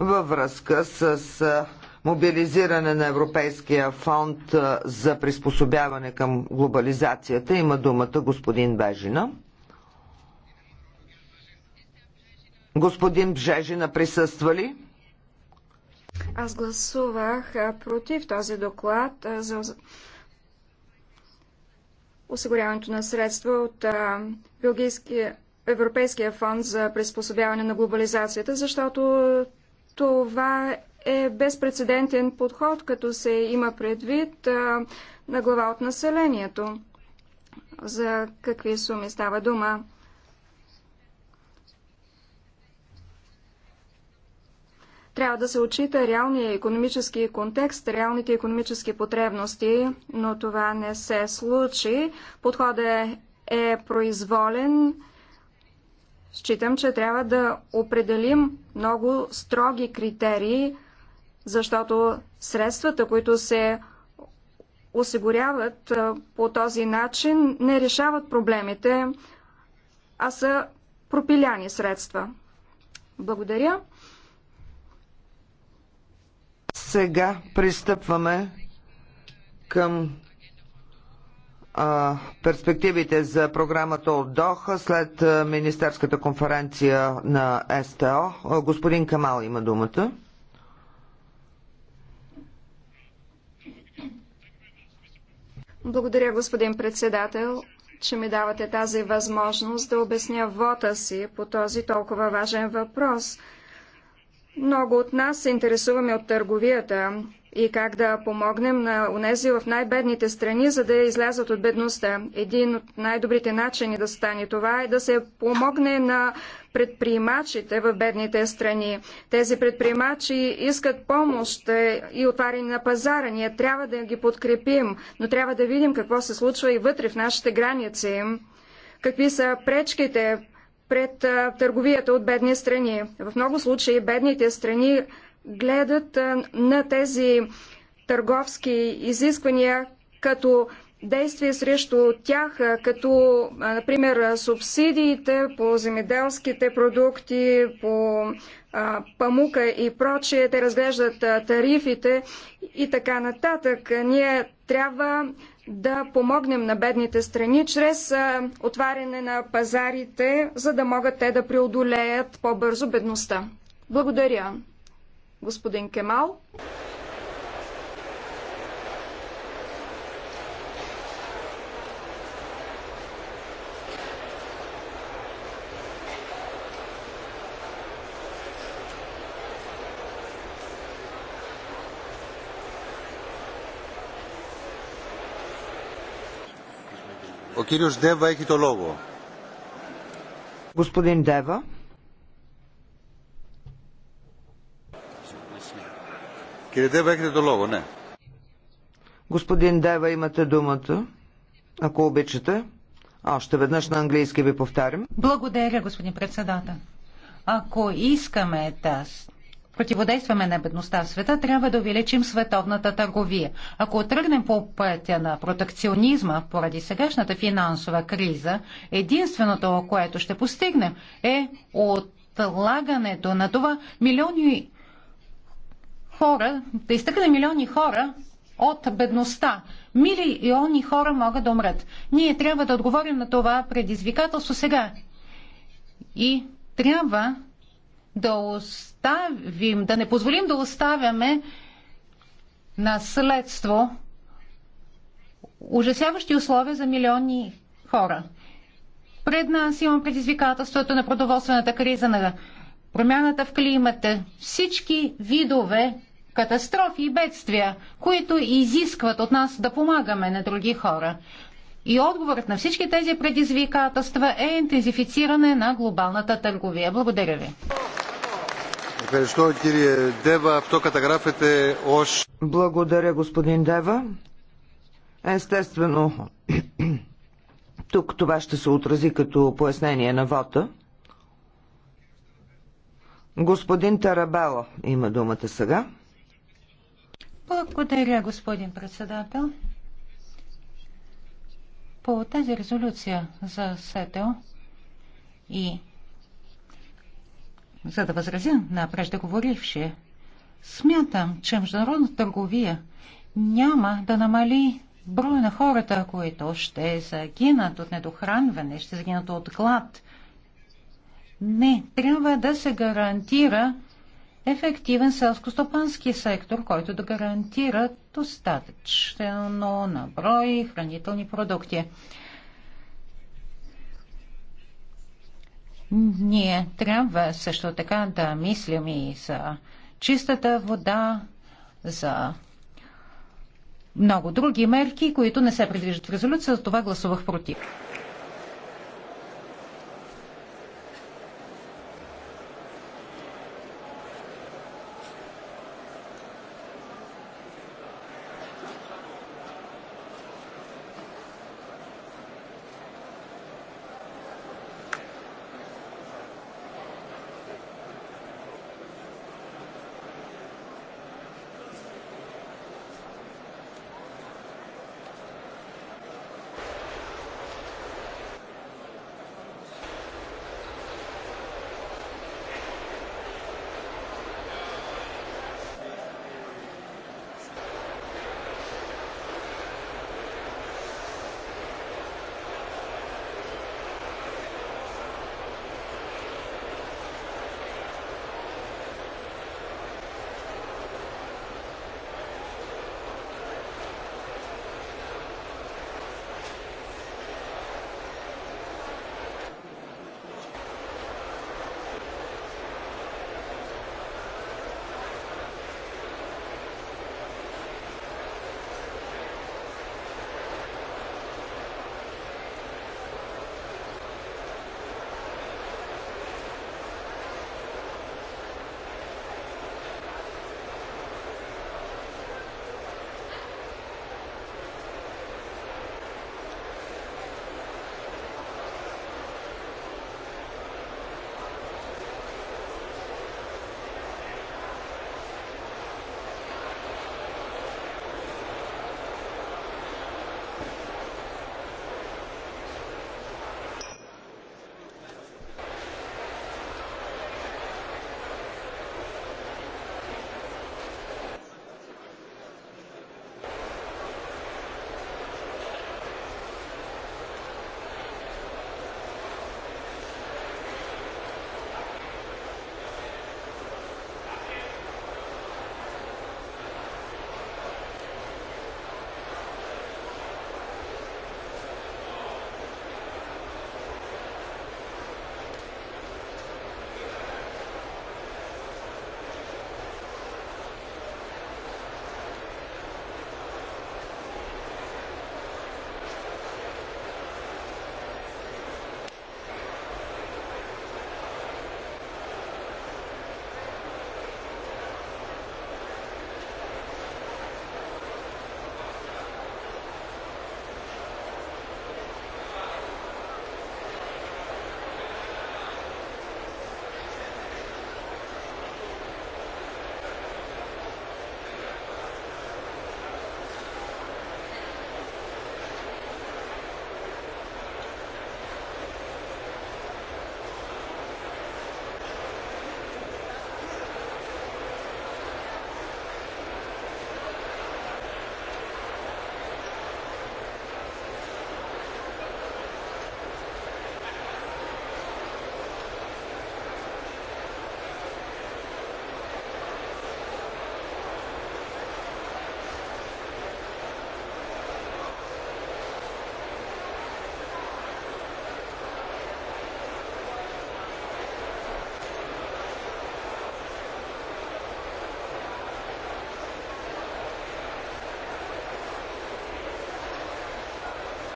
във връзка с мобилизиране на Европейския фонд за приспособяване към глобализацията. Има думата господин Бежина. Господин Бжежина присъства ли? Аз гласувах против този доклад за осигуряването на средства от Белгийския Европейския фонд за приспособяване на глобализацията, защото това е безпредседентен подход, като се има предвид а, на глава от населението. За какви суми става дума? Трябва да се отчита реалния економически контекст, реалните економически потребности, но това не се случи. Подходът е, е произволен Считам, че трябва да определим много строги критерии, защото средствата, които се осигуряват по този начин, не решават проблемите, а са пропиляни средства. Благодаря. Сега пристъпваме към перспективите за програмата от Доха след Министерската конференция на СТО. Господин Камал има думата. Благодаря, господин председател, че ми давате тази възможност да обясня вота си по този толкова важен въпрос. Много от нас се интересуваме от търговията, и как да помогнем на унези в най-бедните страни, за да излязат от бедността. Един от най-добрите начини да стане това е да се помогне на предприемачите в бедните страни. Тези предприемачи искат помощ е, и отваряне на пазара. Ние трябва да ги подкрепим, но трябва да видим какво се случва и вътре в нашите граници. Какви са пречките пред търговията от бедни страни. В много случаи бедните страни гледат на тези търговски изисквания като действие срещу тях, като, например, субсидиите по земеделските продукти, по памука и прочие, Те разглеждат тарифите и така нататък. Ние трябва да помогнем на бедните страни чрез отваряне на пазарите, за да могат те да преодолеят по-бързо бедността. Благодаря. Господин Кемал. Господин Дева. Κύριε έχετε το λόγο, ναι. Господин Дева, имате думата, ако обичате. Още веднъж на английски ви повтарям. Благодаря, господин председател. Ако искаме да противодействаме на бедността в света, трябва да увеличим световната търговия. Ако тръгнем по пътя на протекционизма поради сегашната финансова криза, единственото, което ще постигнем е отлагането на това милиони хора, да изтъкне милиони хора от бедността. Милиони хора могат да умрат. Ние трябва да отговорим на това предизвикателство сега. И трябва да оставим, да не позволим да оставяме наследство ужасяващи условия за милиони хора. Пред нас имам предизвикателството на продоволствената криза, на промяната в климата, всички видове катастрофи и бедствия, които изискват от нас да помагаме на други хора. И отговорът на всички тези предизвикателства е интензифициране на глобалната търговия. Благодаря ви. Благодаря, господин Дева. Естествено, тук това ще се отрази като пояснение на вота. Господин Тарабало има думата сега. Благодаря, господин председател. По тази резолюция за СЕТО и за да възразя на преждеговорившия, смятам, че международна търговия няма да намали броя на хората, които ще загинат от недохранване, ще загинат от глад – не, трябва да се гарантира ефективен селскостопански сектор, който да гарантира достатъчно наброй хранителни продукти. Ние трябва също така да мислим и за чистата вода, за много други мерки, които не се предвиждат в резолюция, за това гласувах против.